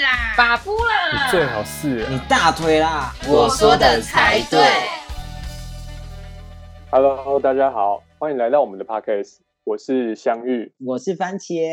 啦，把了，你最好是、啊，你大腿啦，我說的才對。Hello，大家好，歡迎來到我們的 podcast，我是香芋，我是番茄，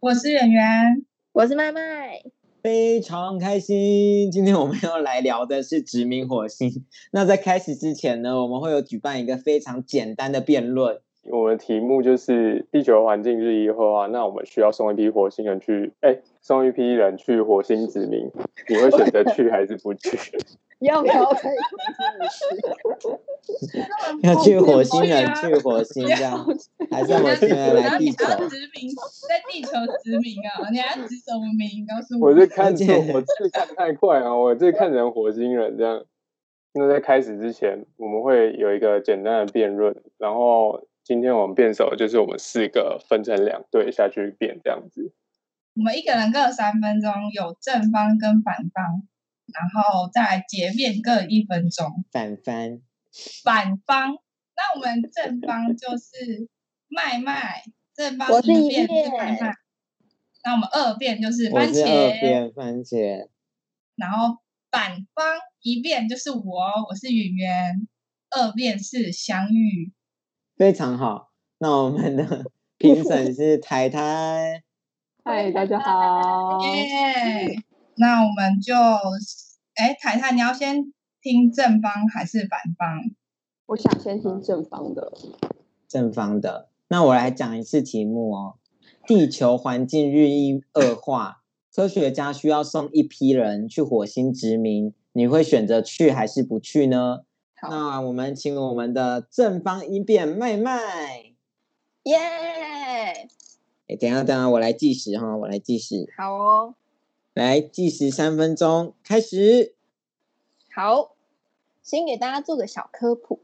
我是圓圓，我是麥麥，麥麥非常開心。今天我們要來聊的是殖民火星。那在開始之前呢，我們會有舉辦一個非常簡單的辯論。我們的題目就是地球環境日益惡化，那我們需要送一批火星人去，哎、欸，送一批人去火星殖民，你會選擇去還是不去？ 要不要去？ 要去火星人去火星這樣， 還是火星人來地球？你要你要殖民在地球殖民啊？你要殖什麼民？告訴我。我在看，我字看太快啊！我在看成火星人這樣。那在開始之前，我們會有一個簡單的辯論，然後。今天我們辯手的就是我們四個分成兩隊下去辯這樣子。我們一個人各三分鐘，有正方跟反方，然後再來結辯各一分鐘。反方番，反方。那我們正方就是麥麥， 正方是一辯是麥麥。我是那我們二辯就是番茄，番茄然後反方一辯就是我，我是圓圓。二辯是翔宇。非常好，那我們的評審是台台。嗨， 大家好。耶，yeah, 那我們就，哎、欸，台台，你要先聽正方還是反方？我想先聽正方的。正方的。那我來講一次題目哦。地球環境日益惡化， 科學家需要送一批人去火星殖民，你會選擇去還是不去呢？好那我們請我們的正方一辯麥麥，耶！哎，等下等下，我來計時哈，我來計時。好哦，來計時三分鐘，開始。好，先給大家做個小科普。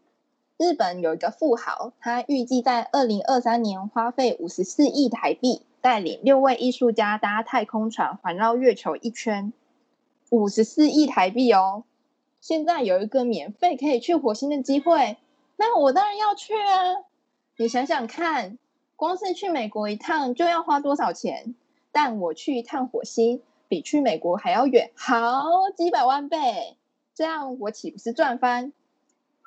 日本有一個富豪，他預計在二零二三年花費五十四億台幣，帶領六位藝術家搭太空船環繞月球一圈。五十四億台幣哦。現在有一個免費可以去火星的機會，那我當然要去啊！你想想看，光是去美國一趟就要花多少錢，但我去一趟火星比去美國還要遠好幾百萬倍，這樣我豈不是賺翻？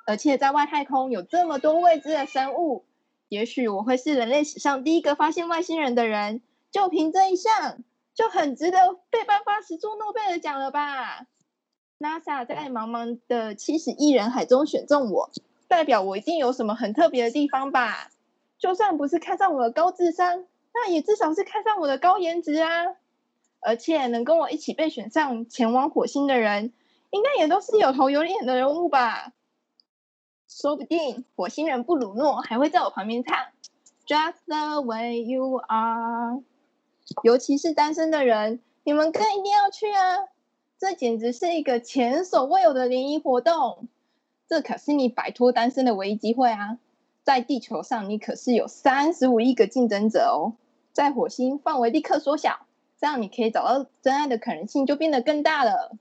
而且在外太空有這麼多未知的生物，也許我會是人類史上第一個發現外星人的人，就憑這一項就很值得被頒發十座諾貝爾獎了吧？NASA 在茫茫的七十億人海中選中我，代表我一定有什麼很特別的地方吧？就算不是看上我的高智商，那也至少是看上我的高顏值啊！而且能跟我一起被選上前往火星的人，應該也都是有頭有臉的人物吧？說不定火星人布魯諾還會在我旁邊唱《Just the Way You Are》，尤其是單身的人，你們更一定要去啊！這簡直是一個前所未有的聯誼活動，這可是你擺脫單身的唯一機會啊！在地球上，你可是有三十五億個競爭者哦，在火星範圍立刻縮小，這樣你可以找到真愛的可能性就變得更大了。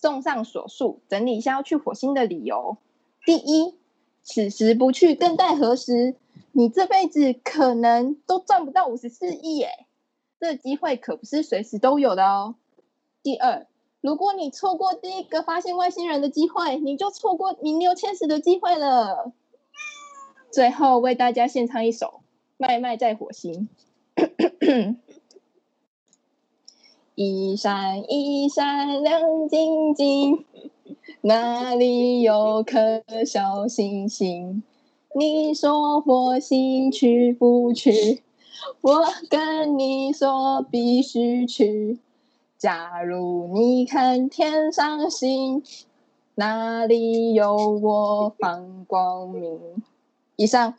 綜上所述，整理一下要去火星的理由：第一，此時不去更待何時？你這輩子可能都賺不到五十四億耶，這機會可不是隨時都有的哦。第二，如果你錯過第一個發現外星人的機會，你就錯過名留青史的機會了。最後為大家獻唱一首《麥麥在火星》。 一閃一閃亮晶晶，哪裡有顆小星星？你說火星去不去？我跟你說，必須去。假如你看天上星，哪裡有我放光明？ 以上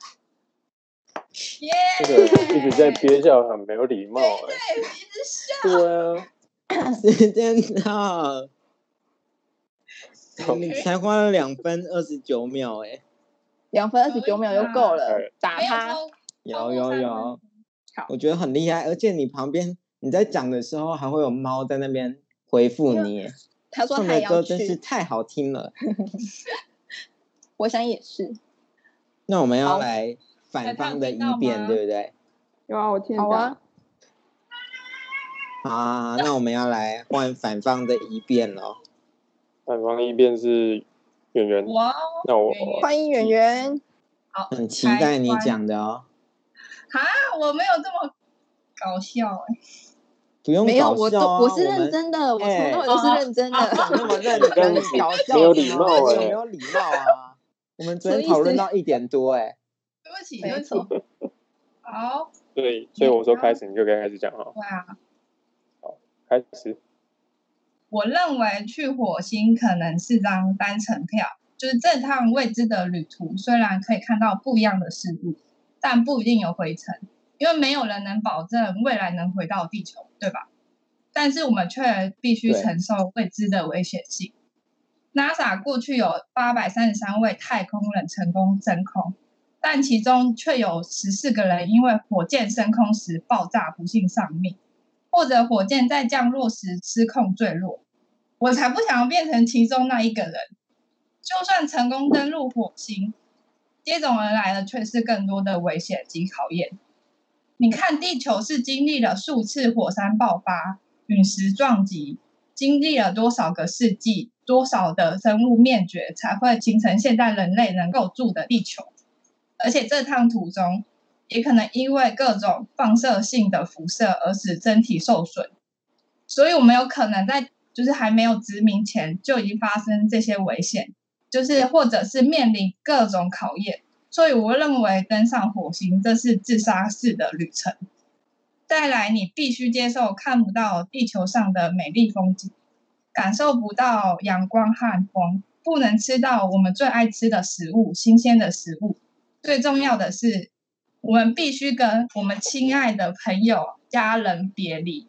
，Yeah! 這個一直在憋笑，很沒有禮貌哎、欸！對，對，對，對啊，時間到。 你這樣子啊，你才花了兩分二十九秒哎、欸，兩分二十九秒就夠了， 打他趴！沒有有有，要要好我覺得很厲害，而且你旁邊。你在講的時候，還會有貓在那邊回復你耶。唱的歌真是太好聽了，我想也是。那我們要來反方的一辯，對不對？有啊，我聽得到。好啊，好啊，那我們要來換反方的一辯了。反方的一辯是元元，那我、wow, no, 歡迎元元。嗯、很期待你講的哦。啊，我沒有這麼搞笑哎、欸。不用啊、沒有，我都我是認真的，我從頭都是認真的，啊啊、我那麼認真，的笑、笑、啊，沒有禮貌、欸，沒有禮貌啊！我們討論到一點多、欸，哎，對不起，沒錯，好，對，所以我說開始，你就可以開始講了。對啊，好，開始。我認為去火星可能是張單程票，就是這趟未知的旅途，雖然可以看到不一樣的事物，但不一定有回程。因為沒有人能保證未來能回到地球，對吧？但是我們卻必須承受未知的危險性。對 NASA 過去有八百三十三位太空人成功升空，但其中卻有十四個人因為火箭升空時爆炸不幸喪命，或者火箭在降落時失控墜落。我才不想要變成其中那一個人。就算成功登陸火星，接踵而來的卻是更多的危險及考驗。你看，地球是經歷了數次火山爆發、隕石撞擊，經歷了多少個世紀，多少的生物滅絕，才會形成現在人類能夠住的地球。而且這趟途中，也可能因為各種放射性的輻射而使身體受損，所以我們有可能在就是還沒有殖民前就已經發生這些危險，就是或者是面臨各種考驗。所以，我認為登上火星這是自殺式的旅程。再來，你必須接受看不到地球上的美麗風景，感受不到陽光和風，不能吃到我們最愛吃的食物、新鮮的食物。最重要的是，我們必須跟我們親愛的朋友、家人別離。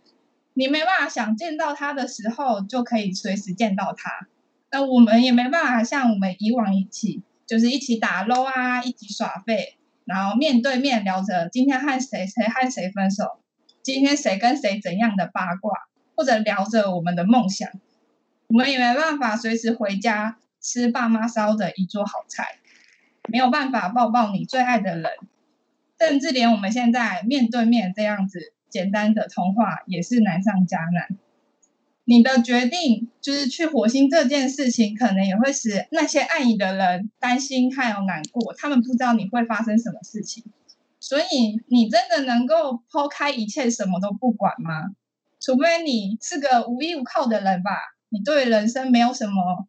你沒辦法想見到他的時候就可以隨時見到他，那我們也沒辦法像我們以往一起。就是一起打 LO 啊，一起耍廢，然後面對面聊着今天和誰誰和誰分手，今天誰跟誰怎樣的八卦，或者聊着我們的夢想。我們也沒辦法隨時回家吃爸媽燒的一桌好菜，沒有辦法抱抱你最愛的人，甚至連我們現在面對面這樣子簡單的通話也是難上加難。你的決定就是去火星這件事情，可能也會使那些愛你的人擔心還有難過。他們不知道你會發生什麼事情，所以你真的能夠拋開一切什麼都不管嗎？除非你是個無依無靠的人吧，你對人生沒有什麼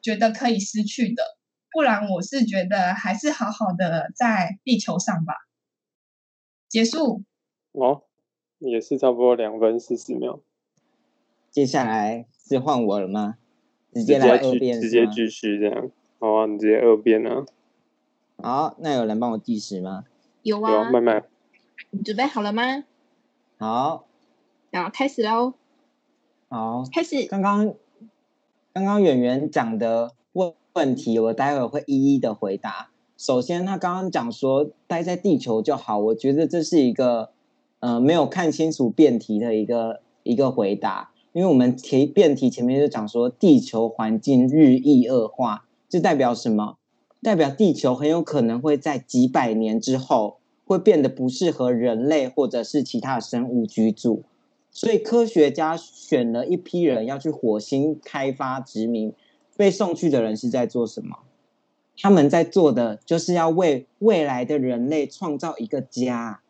覺得可以失去的，不然我是覺得還是好好的在地球上吧。結束哦，也是差不多兩分四十秒。接下來是換我了嗎？直接來二辯，直接繼續這樣。好啊，你直接二辯啊。好，那有人幫我計時嗎？有啊，有、啊、慢慢。你準備好了嗎？好，我開始嘍。好，開始。剛剛，剛剛，圓圓講的問問題，我待會兒會一一的回答。首先，他剛剛講說待在地球就好，我覺得這是一個，呃、沒有看清楚辯題的一個一個回答。因為我們提辯題前面就講說，地球環境日益惡化，這代表什麼？代表地球很有可能會在幾百年之後，會變得不適合人類或者是其他的生物居住。所以科學家選了一批人要去火星開發殖民，被送去的人是在做什麼？他們在做的就是要為未來的人類創造一個家。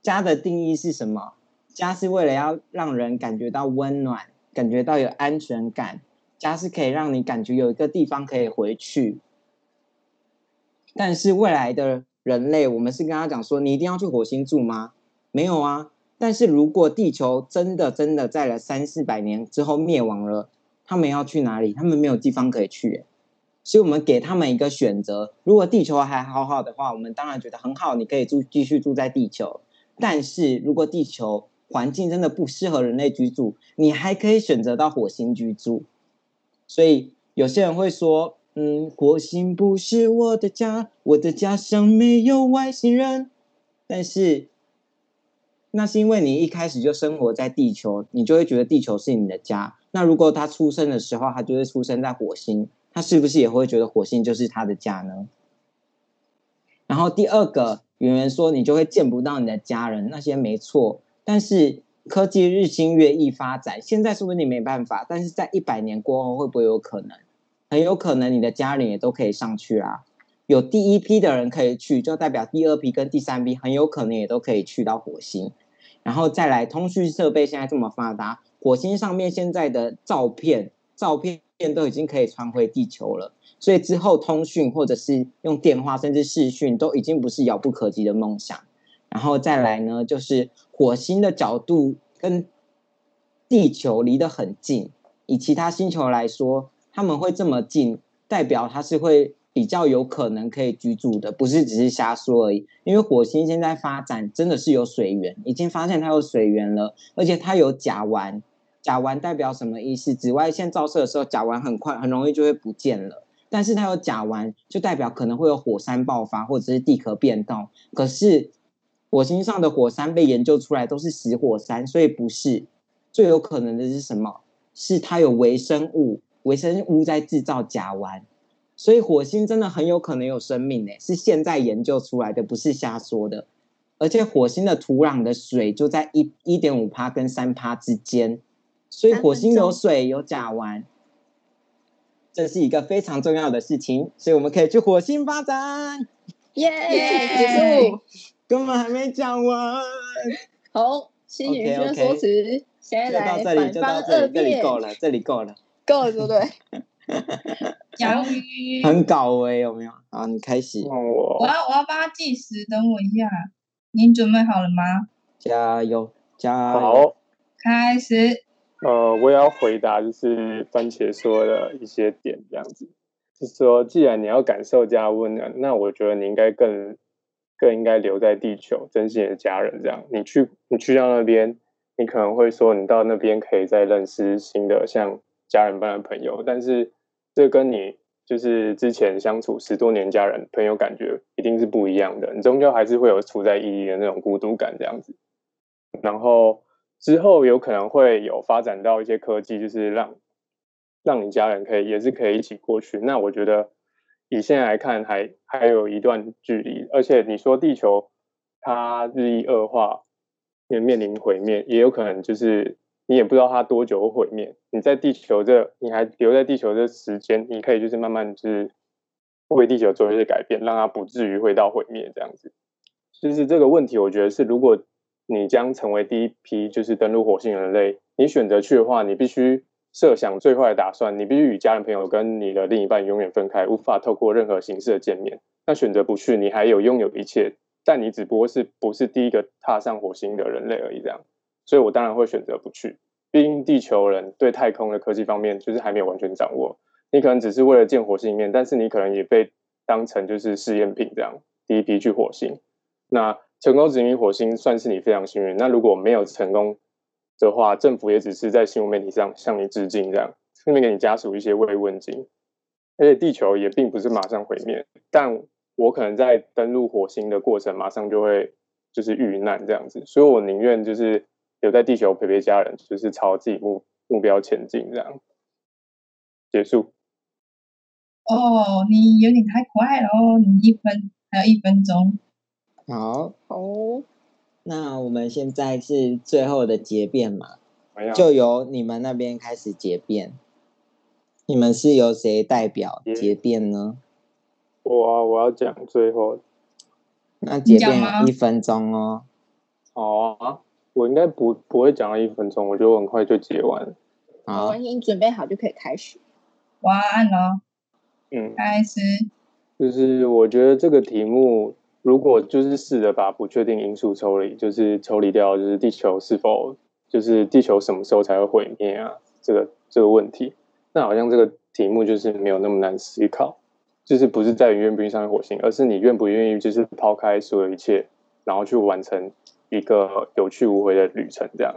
家的定義是什麼？家是為了要讓人感覺到溫暖，感覺到有安全感。家是可以讓你感覺有一個地方可以回去。但是未來的人類，我們是跟他講說，你一定要去火星住嗎？沒有啊。但是如果地球真的真的在了三四百年之後滅亡了，他們要去哪裡？他們沒有地方可以去欸。所以我們給他們一個選擇。如果地球還好好的話，我們當然覺得很好，你可以住繼續住在地球。但是如果地球環境真的不適合人類居住，你還可以選擇到火星居住。所以有些人會說：“嗯，火星不是我的家，我的家鄉沒有外星人。”但是那是因為你一開始就生活在地球，你就會覺得地球是你的家。那如果他出生的時候，他就會出生在火星，他是不是也會覺得火星就是他的家呢？然後第二個有人說：“你就會見不到你的家人。”那些沒錯。但是科技日新月異發展，現在是不是你沒辦法，但是在一百年過後會不會有可能？很有可能你的家人也都可以上去啊！有第一批的人可以去，就代表第二批跟第三批很有可能也都可以去到火星。然後再來，通訊設備現在這麼發達，火星上面現在的照片、照片都已經可以傳回地球了，所以之後通訊或者是用電話甚至視訊都已經不是遙不可及的夢想。然後再來呢，就是火星的角度跟地球離得很近。以其他星球來說，它們會這麼近，代表它是會比較有可能可以居住的，不是只是瞎說而已。因為火星現在發展真的是有水源，已經發現它有水源了，而且它有甲烷。甲烷代表什麼意思？紫外線照射的時候，甲烷很快很容易就會不見了。但是它有甲烷，就代表可能會有火山爆發，或者是地殼變動。可是火星上的火山被研究出來都是死火山，所以不是最有可能的是什麼？是它有微生物，微生物在製造甲烷，所以火星真的很有可能有生命誒！是現在研究出來的，不是瞎說的。而且火星的土壤的水就在一一點五帕跟三帕之間，所以火星有水、嗯、有甲烷，這是一個非常重要的事情，所以我們可以去火星發展，耶！Yeah! Yeah! 根本還沒講完。好，新語說說詞，先 Okay, okay. 來。就到這裡，就到這裡，夠了，這裡夠了，夠了，對不對？洋芋 瑜。很搞哎、欸，有沒有？啊，你開始。我，我要，我要幫他計時，等我一下。您準備好了嗎？加油，加油！好，開始。呃，我也要回答，就是番茄說的一些點，這樣子 是說，既然你要感受加溫暖，那我覺得你應該更。更應該留在地球，珍惜你的家人。這樣，你去你去到那邊，你可能會說，你到那邊可以再認識新的像家人般的朋友，但是這跟你就是之前相處十多年家人朋友感覺一定是不一樣的。你終究還是會有處在異地的那種孤獨感，這樣子。然後之後有可能會有發展到一些科技，就是讓讓你家人可以也是可以一起過去。那我覺得。以現在來看還，還還有一段距離，而且你說地球它日益惡化，也面臨毀滅，也有可能就是你也不知道它多久毀滅。你在地球這，你還留在地球這時間，你可以就是慢慢就是為地球做一些改變，讓它不至於回到毀滅這樣子。就是這個問題，我覺得是，如果你將成為第一批就是登陸火星人類，你選擇去的話，你必須。設想最壞的打算，你必須與家人朋友跟你的另一半永遠分開，無法透過任何形式的見面。那選擇不去，你還有擁有一切，但你只不過是不是第一個踏上火星的人類而已。這樣，所以我當然會選擇不去。畢竟地球人對太空的科技方面，就是還沒有完全掌握。你可能只是為了見火星一面，但是你可能也被當成就是試驗品這樣，第一批去火星。那成功殖民火星算是你非常幸運。那如果沒有成功，的話，政府也只是在新聞媒體上向你致敬，這樣順便給你家屬一些慰問金。而且地球也並不是馬上毀滅，但我可能在登陸火星的過程馬上就會就是遇難這樣子，所以我寧願就是留在地球陪陪家人，就是朝自己目目標前進這樣結束。哦，oh, 你有點太快了哦，你一分還有一分鐘，好，好。那我們現在是最後的結辯嘛？沒有，就由你們那邊開始結辯。你們是由誰代表結辯呢？我啊，我要講最後。那結辯一分鐘哦。好啊，我應該不不會講了一分鐘，我覺得很快就結完。好，你準備好就可以開始。我要按嘍。嗯，開始。就是我覺得這個題目。如果就是試着把不確定因素抽離，就是抽離掉，就是地球是否，就是地球什麼時候才會毀滅啊？這個這個問題，那好像這個題目就是沒有那麼難思考，就是不是在於願不願意上火星，而是你願不願意就是拋開所有一切，然後去完成一個有去無回的旅程這樣，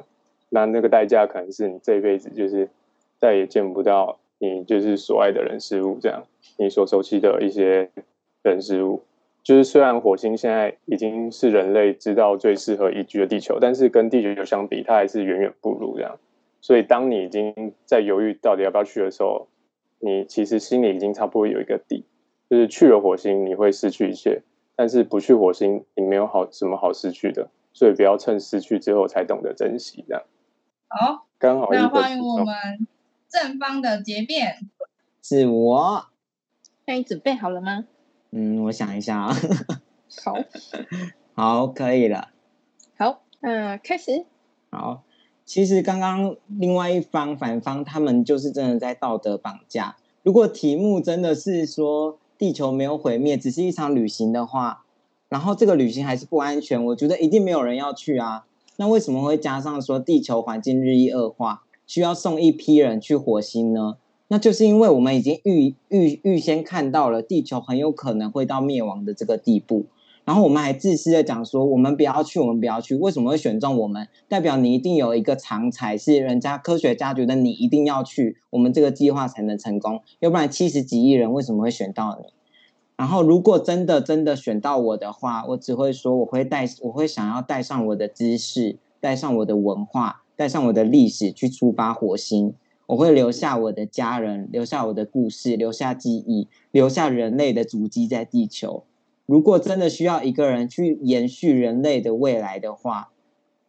那那個代價可能是你這輩子就是再也見不到你就是所愛的人事物這樣，你所熟悉的一些人事物。就是雖然火星現在已經是人類知道最適合移居的地球，但是跟地球球相比，它還是遠遠不如這樣。所以當你已經在猶豫到底要不要去的時候，你其實心裡已經差不多有一個底，就是去了火星你會失去一切，但是不去火星你沒有好什麼好失去的。所以不要趁失去之後才懂得珍惜這樣。好、哦，剛好一個那歡迎我們正方的結辯，是我。那你準備好了嗎？嗯，我想一下啊。 好，好，可以了。好，嗯，開始。好，其實剛剛另外一方反方他們就是真的在道德綁架。如果題目真的是說地球沒有毀滅，只是一場旅行的話，然後這個旅行還是不安全，我覺得一定沒有人要去啊。那為什麼會加上說地球環境日益惡化，需要送一批人去火星呢？那就是因為我們已經預預預先看到了地球很有可能會到滅亡的這個地步，然後我們還自私的講說，我們不要去，我們不要去，為什麼會選中我們？代表你一定有一個長才，是人家科學家覺得你一定要去，我們這個計劃才能成功，要不然七十幾億人為什麼會選到你？然後如果真的真的選到我的話，我只會說我會帶，我會想要帶上我的知識，帶上我的文化，帶上我的歷史去出發火星。我會留下我的家人，留下我的故事，留下記憶，留下人類的足跡在地球。如果真的需要一個人去延續人類的未來的話，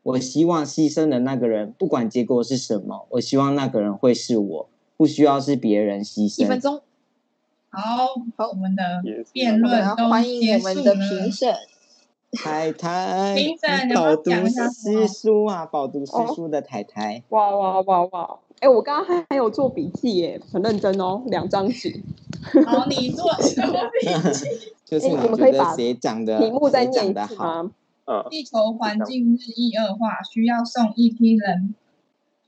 我希望犧牲的那個人，不管結果是什麼，我希望那個人會是我，不需要是別人犧牲。一分鐘，好，好，我們的辯論，歡迎我們的評審。太太，飽讀詩書啊，飽讀詩書的太太、哦，哇哇哇哇！哎、欸，我剛剛還還有做筆記耶，很認真哦，兩張紙。好、 哦，你做什麼筆記？ 就是你、欸、我們可以把講的題目再講的哈。呃，地球環境日益惡化，需要送一批人，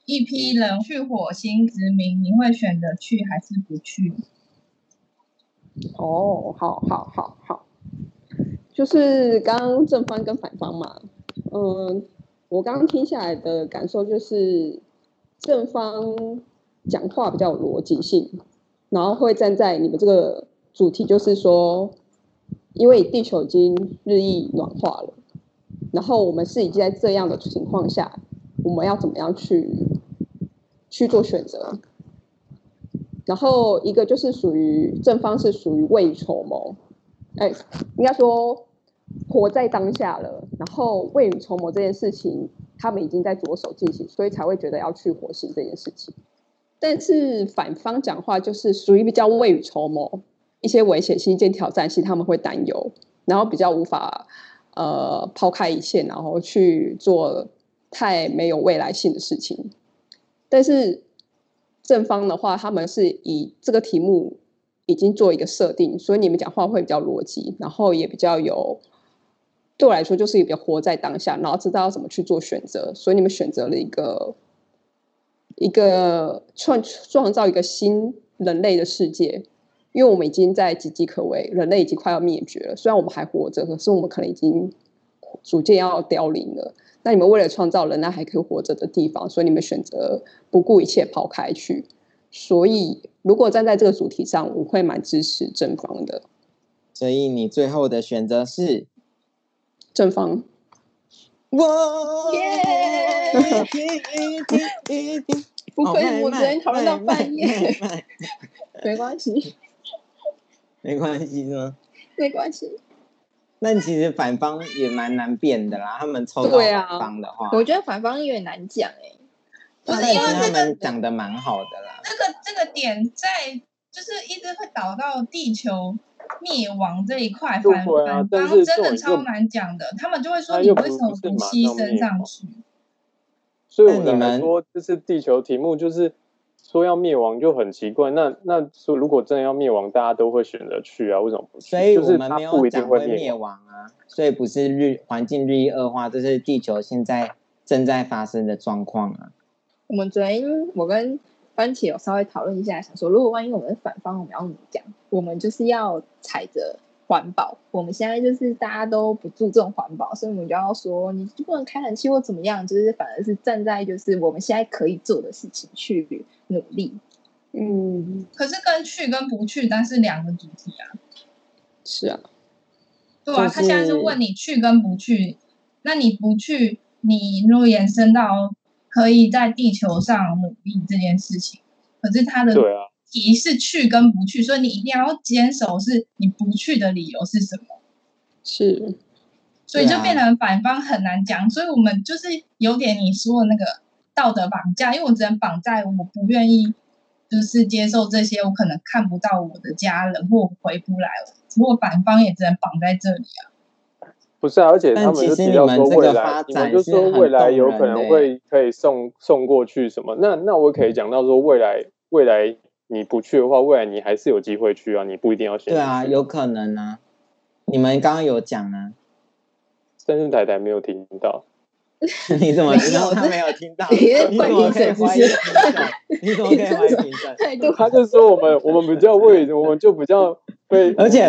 一批人去火星殖民，你會選擇去還是不去？哦，好好好好。就是剛剛正方跟反方嘛，嗯，我剛剛聽下來的感受就是，正方講話比較有邏輯性，然後會站在你們這個主題，就是說，因為地球已經日益暖化了，然後我們是已經在這樣的情況下，我們要怎麼樣去去做選擇啊？然後一個就是屬於正方是屬於未雨綢繆，哎，應該說。活在當下了，然後未雨綢繆這件事情，他們已經在着手進行，所以才會覺得要去火星這件事情。但是反方講話就是屬於比較未雨綢繆，一些危險性、一些挑戰性，他們會擔憂，然後比較無法呃拋開一切，然後去做太沒有未來性的事情。但是正方的話，他們是以這個題目已經做一個設定，所以你們講話會比較邏輯，然後也比較有。對我來說，就是一個活在當下，然後知道要怎麼去做選擇。所以你們選擇了一個一個創創造一個新人類的世界，因為我們已經在岌岌可危，人類已經快要滅絕了。雖然我們還活着，可是我們可能已經逐漸要凋零了。那你們為了創造人類還可以活着的地方，所以你們選擇不顧一切跑開去。所以，如果站在這個主題上，我會蠻支持正方的。所以，你最後的選擇是？正方，我變，不愧我昨天討論到半夜，哦、 沒關係係， 沒關係是嗎？沒關係。那其實反方也蠻難辯的啦，他們抽到反方的話，啊、我覺得反方也難講哎、欸，就是因為、這個、是他們講的蠻好的啦，嗯、這個這個點在就是一直會導到地球。滅亡這一塊，反正、啊、真的超難講的，又他們就會說，你為什麼不犧牲上去？上所以你們說，這、就是地球題目就是說要滅亡就很奇怪。那那說如果真的要滅亡，大家都會選擇去啊，為什麼不去？就是不一定會滅亡啊，所以不是綠環境日益惡化，這是地球現在正在發生的狀況啊。我們昨天我跟。番茄，有稍微討論一下，想說，如果萬一我們是反方，我們要怎麼講？我們就是要踩着環保，我們現在就是大家都不注重環保，所以我們就要說，你就不能開冷氣或怎麼樣，就是反而是站在就是我們現在可以做的事情去努力。嗯，可是跟去跟不去，但是兩個主題啊。是啊，對啊，就是、他現在是問你去跟不去，那你不去，你如果延伸到。可以在地球上努力這件事情，可是他的題是去跟不去，啊、所以你一定要堅守，是你不去的理由是什麼？是，所以就變成反方很難講，啊、所以我們就是有點你說的那個道德綁架，因為我只能綁在我不願意就是接受這些，我可能看不到我的家人或我回不來了，如果反方也只能綁在這裡啊。不是，啊，而且他們就提到說未來，你們就說未來有可能會可以送送過去什麼？那那我可以講到說未來、嗯、未來你不去的話，未來你還是有機會去啊，你不一定要選。對啊，有可能啊，你們剛剛有講啊，但是太太沒有聽到。 你怎麼知道他沒有聽到？你怎麼知道你怎麼可以懷疑評審？他就說我們我們比較畏，我們就比較被。 而且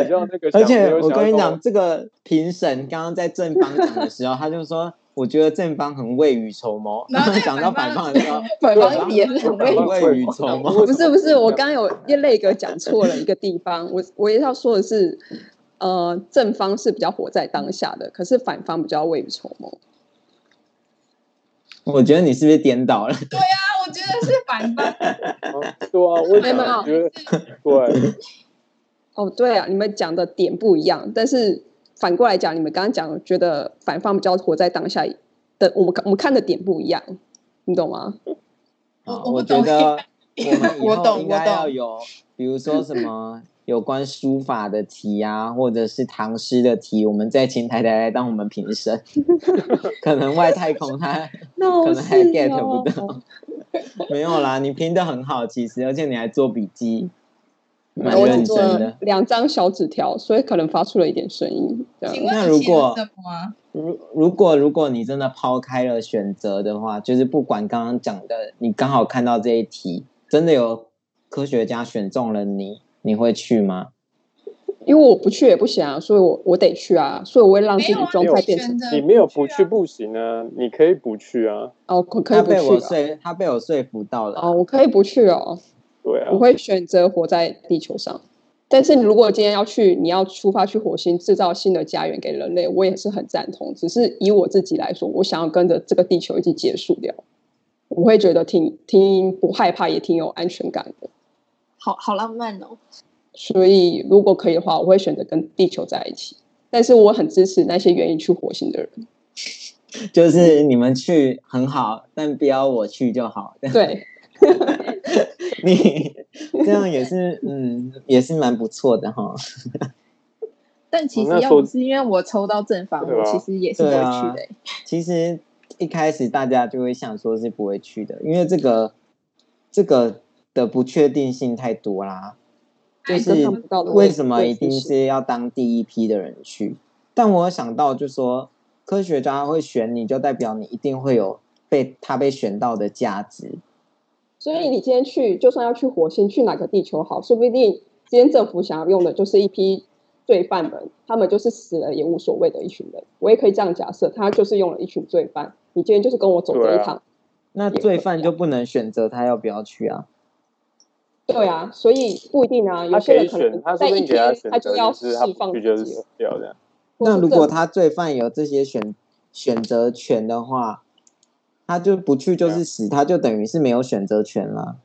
而且，我跟你講，這個評審剛剛在正方講的時候，他就說我覺得正方很未雨綢繆。講 到反方的時候，對反方也是很未未雨綢繆。不是不是，我剛有一個類哥講錯了一個地方，我我也要說的是，呃，正方是比較活在當下的，可是反方比較未雨綢繆。我覺得你是不是顛倒了？對啊，我覺得是反方。對啊，為什麼覺得對？哦，對啊，你們講的點不一樣，但是反過來講，你們剛剛講覺得反方比較活在當下的，我們我們看的點不一樣，你懂嗎？我，我，懂。我覺得我們以後應該要有，比如說什麼。 有關書法的題啊，或者是唐詩的題，我們再請台台來當我們評審。 可能外太空他可能還 get、哦、不到，沒有啦，你評得很好，其實，而且你還做筆記，蠻認真的。兩張小紙條，所以可能發出了一點聲音。那、啊、如果，如如果，如果你真的拋開了選擇的話，就是不管剛剛講的，你剛好看到這一題，真的有科學家選中了你。你會去嗎？因為我不去也不行啊，所以我我得去啊，所以我會讓自己狀態變成。沒啊啊、你沒有不去不行啊，你可以不去啊。哦，可可以不去、啊他。他被我說，他被我說服到了。哦，我可以不去哦。對啊。我會選擇活在地球上，但是你如果今天要去，你要出發去火星制造新的家園給人類，我也是很贊同。只是以我自己來說，我想要跟着這個地球一起結束掉，我會覺得挺挺不害怕，也挺有安全感的。好好浪漫哦！所以如果可以的話，我會選擇跟地球在一起。但是我很支持那些願意去火星的人，就是你們去很好，但不要我去就好。對，對 你這樣也是， 嗯，也是蠻不錯的哈、哦。但其實要不是因為我抽到正方，我其實也是要去的、啊。其實一開始大家就會想說是不會去的，因為這個這個。的不確定性太多啦，就是為什麼一定是要當第一批的人去？但我想到，就是說科學家會選你就代表你一定會有被他被選到的價值。所以你今天去，就算要去火星，去哪個地球好？說不定今天政府想要用的就是一批罪犯們，他們就是死了也無所謂的一群人。我也可以這樣假設，他就是用了一群罪犯。你今天就是跟我走這一趟，啊、那罪犯就不能選擇他要不要去啊？對啊，所以不一定啊。他可以選擇，的他選擇吃，他放就是死掉的。那如果他罪犯有這些選選擇權的話，他就不去就是死，對他就等於是沒有選擇權了。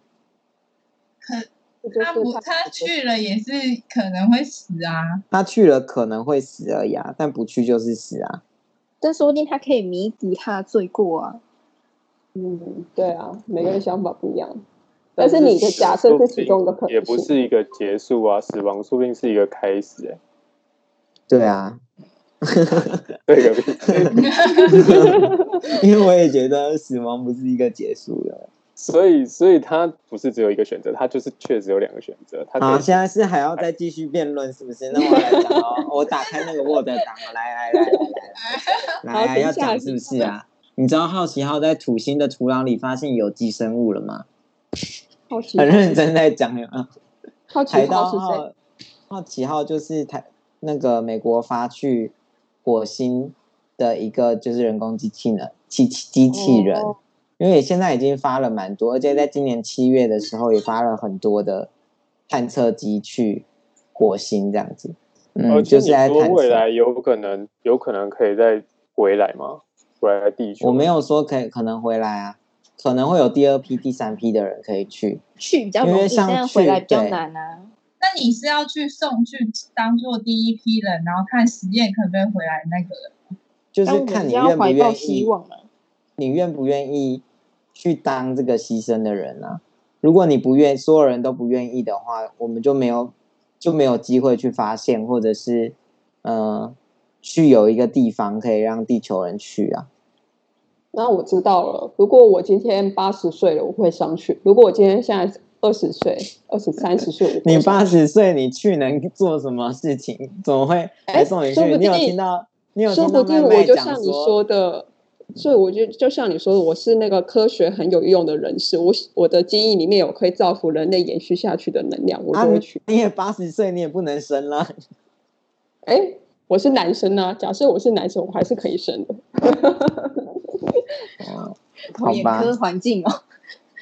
他不，他去了也是可能會死啊。他去了可能會死而已啊，但不去就是死啊。但說不定他可以彌補他罪過啊。嗯，對啊，每個人想法不一樣。嗯但是你的假設是其中的可能，也不是一個結束啊！死亡說不定是一個開始。欸，哎，對啊，對個，因為我也覺得死亡不是一個結束的，所以，所以他不是只有一個選擇，他就是確實有兩個選擇。他啊，現在是還要再繼續辯論，是不是？ 那我來講哦，我打開那個 Word 檔，來來來來來，來、來、來、來好要講是不是啊？你知道好奇號在土星的土壤裡發現有機生物了嗎？很認真在講，嗯，好奇號、好奇號就是台那個美國發去火星的一個就是人工機器人機機器人，哦、因為現在已經發了蠻多，而且在今年七月的時候也發了很多的探測機去火星這樣子，嗯，哦、就是在未來有可能有可能可以再回來嗎？回來地球？我沒有說可以可能回來啊。可能會有第二批、第三批的人可以去，去比較容易，因為像去現在回來比較難啊。對那你是要去送去當做第一批人，然後看實驗可不可以回來那個人？就是看你願不願意，希望你願不願意去當這個犧牲的人啊？如果你不願，所有人都不願意的話，我們就沒有就沒有機會去發現，或者是嗯、呃，去有一個地方可以讓地球人去啊。那我知道了。如果我今天八十歲了，我會上去；如果我今天現在二十歲、二十三十歲，你八十歲，你去能做什麼事情？怎麼會？哎、欸，說不定你有聽到，你有聽到妹妹講說？說不定我就像你說的，所以我就就像你說的，我是那個科學很有用的人士，我我的基因裡面有可以造福人類延續下去的能量，我就會去。啊、你也八十歲，你也不能生了。哎、欸，我是男生啊！假設我是男生，我還是可以生的。 哦、嗯，好吧，環境哦，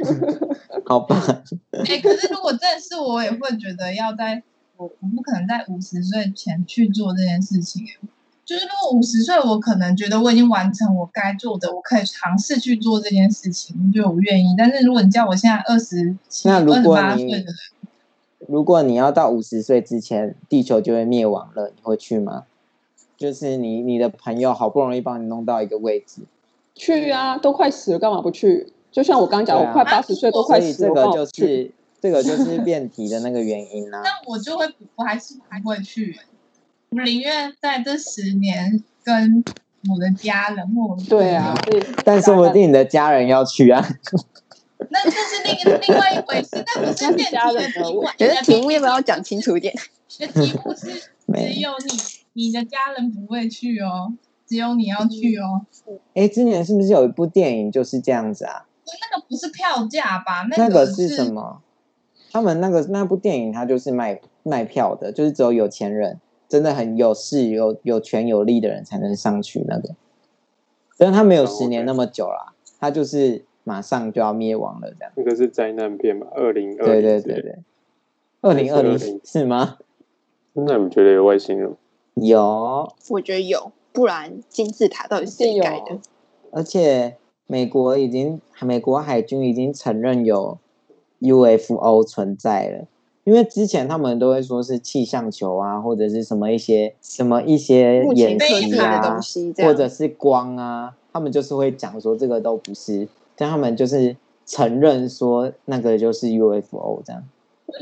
好吧。哎、欸，可是如果真的是，我也會覺得要在我，我不可能在五十歲前去做這件事情、欸。哎，就是如果五十歲，我可能覺得我已經完成我該做的，我可以嘗試去做這件事情，就我願意。但是如果你叫我現在二十七、二十八歲的人，如果你要到五十歲之前，地球就會滅亡了，你會去嗎？就是你，你的朋友好不容易幫你弄到一個位置。去啊，都快死了，幹嘛不去？就像我剛講，我快八十歲，都快死了。所以這個就是這個就是辯題的那個原因啦。那我就會，我還是還會去。我寧願在這十年跟我的家人。對啊。但說不定你的家人要去啊。那這是另另外一回事。那不是辯題的題目。覺得題目要不要講清楚一點？題目是只有你，你的家人不會去哦。只有你要去哦。哎，今年是不是有一部電影就是這樣子啊？那個不是票價吧？那個是，那個是什麼？他們那個那部電影，他就是賣賣票的，就是只有有錢人，真的很有勢、有有權、有力的人才能上去那個。但他沒有十年那麼久了，okay，他就是馬上就要滅亡了這樣。那個是災難片吧？二零二零。對對對對，二零二零是嗎？那你覺得有外星人？有，我覺得有。不然金字塔到底是誰蓋的？而且美國已經美國海軍已經承認有 UFO 存在了，因為之前他們都會說是氣象球啊，或者是什麼一些什麼一些演習，啊、目前被的東西這樣，或者是光啊，他們就是會講說這個都不是，但他們就是承認說那個就是 UFO 這樣。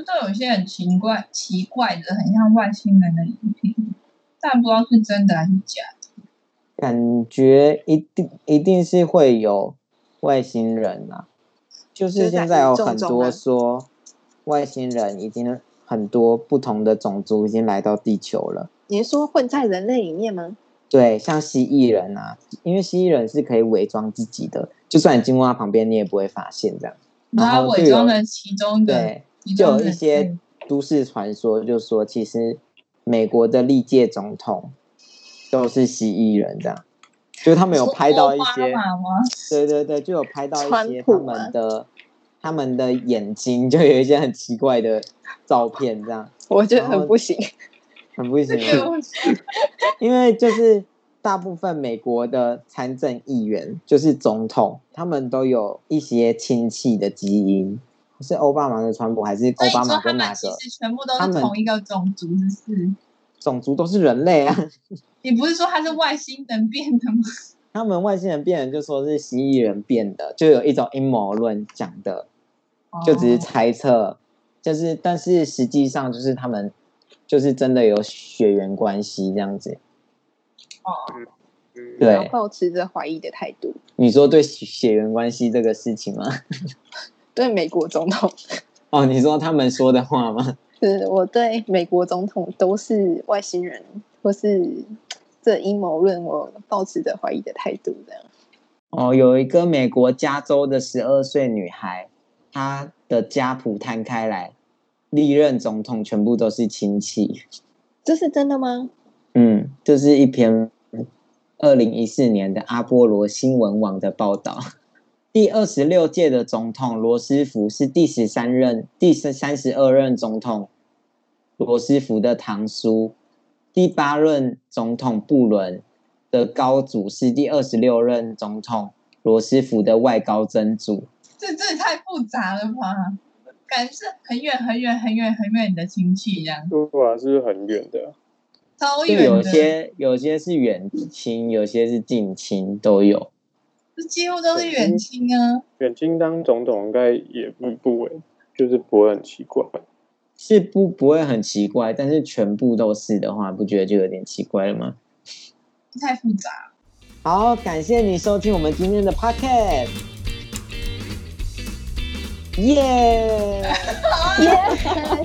都有一些很奇怪奇怪的，很像外星人的影子，但不知道是真的還是假的。感覺一定一定是會有外星人啊！就是現在有很多說外星人已經很多不同的種族已經來到地球了。你說混在人類裡面嗎？對，像蜥蜴人啊，因為蜥蜴人是可以偽裝自己的，就算你經過他旁邊，你也不會發現這樣。他偽裝了其中的，對，其中的就有一些都市傳說，就說其實美國的歷屆總統。都是蜥蜴人這樣，就是他們有拍到一些，對對對，就有拍到一些他們的，他們的眼睛，就有一些很奇怪的照片這樣。我覺得很不行，後 很不行，因為就是大部分美國的參政議員就是總統，他們都有一些親戚的基因，是奧巴馬的川普還是奧巴馬跟哪個？他們其實全部都是同一個種族的事。們種族都是人類啊！你不是說他是外星人變的嗎？ 他們外星人變的就說是蜥蜴人變的，就有一種陰謀論講的，就只是猜測。就是但是實際上就是他們就是真的有血緣關係這樣子。哦，對，要保持着懷疑的態度。你說對血緣關係這個事情嗎 ？對美國總統？哦，你說他們說的話嗎？是我對美國總統都是外星人，或是這陰謀論，我抱持着懷疑的態度這樣。這樣哦，有一個美國加州的十二歲女孩，她的家譜攤開來，歷任總統全部都是親戚。這是真的嗎？嗯，這、就是一篇二零一四年的阿波羅新聞網的報道。第二十六屆的總統羅斯福是第十三任第三十二任總統羅斯福的堂叔，第八任總統布倫的高祖是第二十六任總統羅斯福的外高曾祖。這這也太複雜了吧？感覺是很遠、很遠、很遠、很遠的親戚這樣。對啊，是很遠的，超遠，有些有些是遠親，有些是近親，都有。幾乎都是遠親啊，遠親當總統應該也不不會，就是不會很奇怪，是不不會很奇怪，但是全部都是的話，不覺得就有點奇怪了嗎？太複雜。好，感謝你收聽我們今天的 Podcast，耶，耶，謝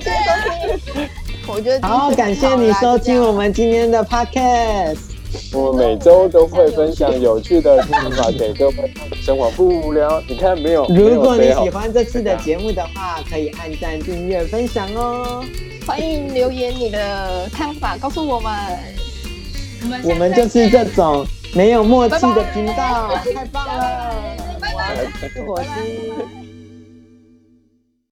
謝收聽。我覺得是是好啊，好，感謝你收聽我們今天的 Podcast。 我們每週都會分享有趣的看識法給各位，生活不無聊。你看沒有？如果你喜歡這次的節目的話，可以按讚、訂閱、分享哦。歡迎留言你的看法，告訴我們。我們就是這種沒有默契的頻道， 哦、太棒了！拜拜，火星。